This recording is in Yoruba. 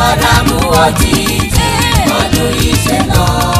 mọ̀dàmú ọtí ọdún yìí ṣe náà.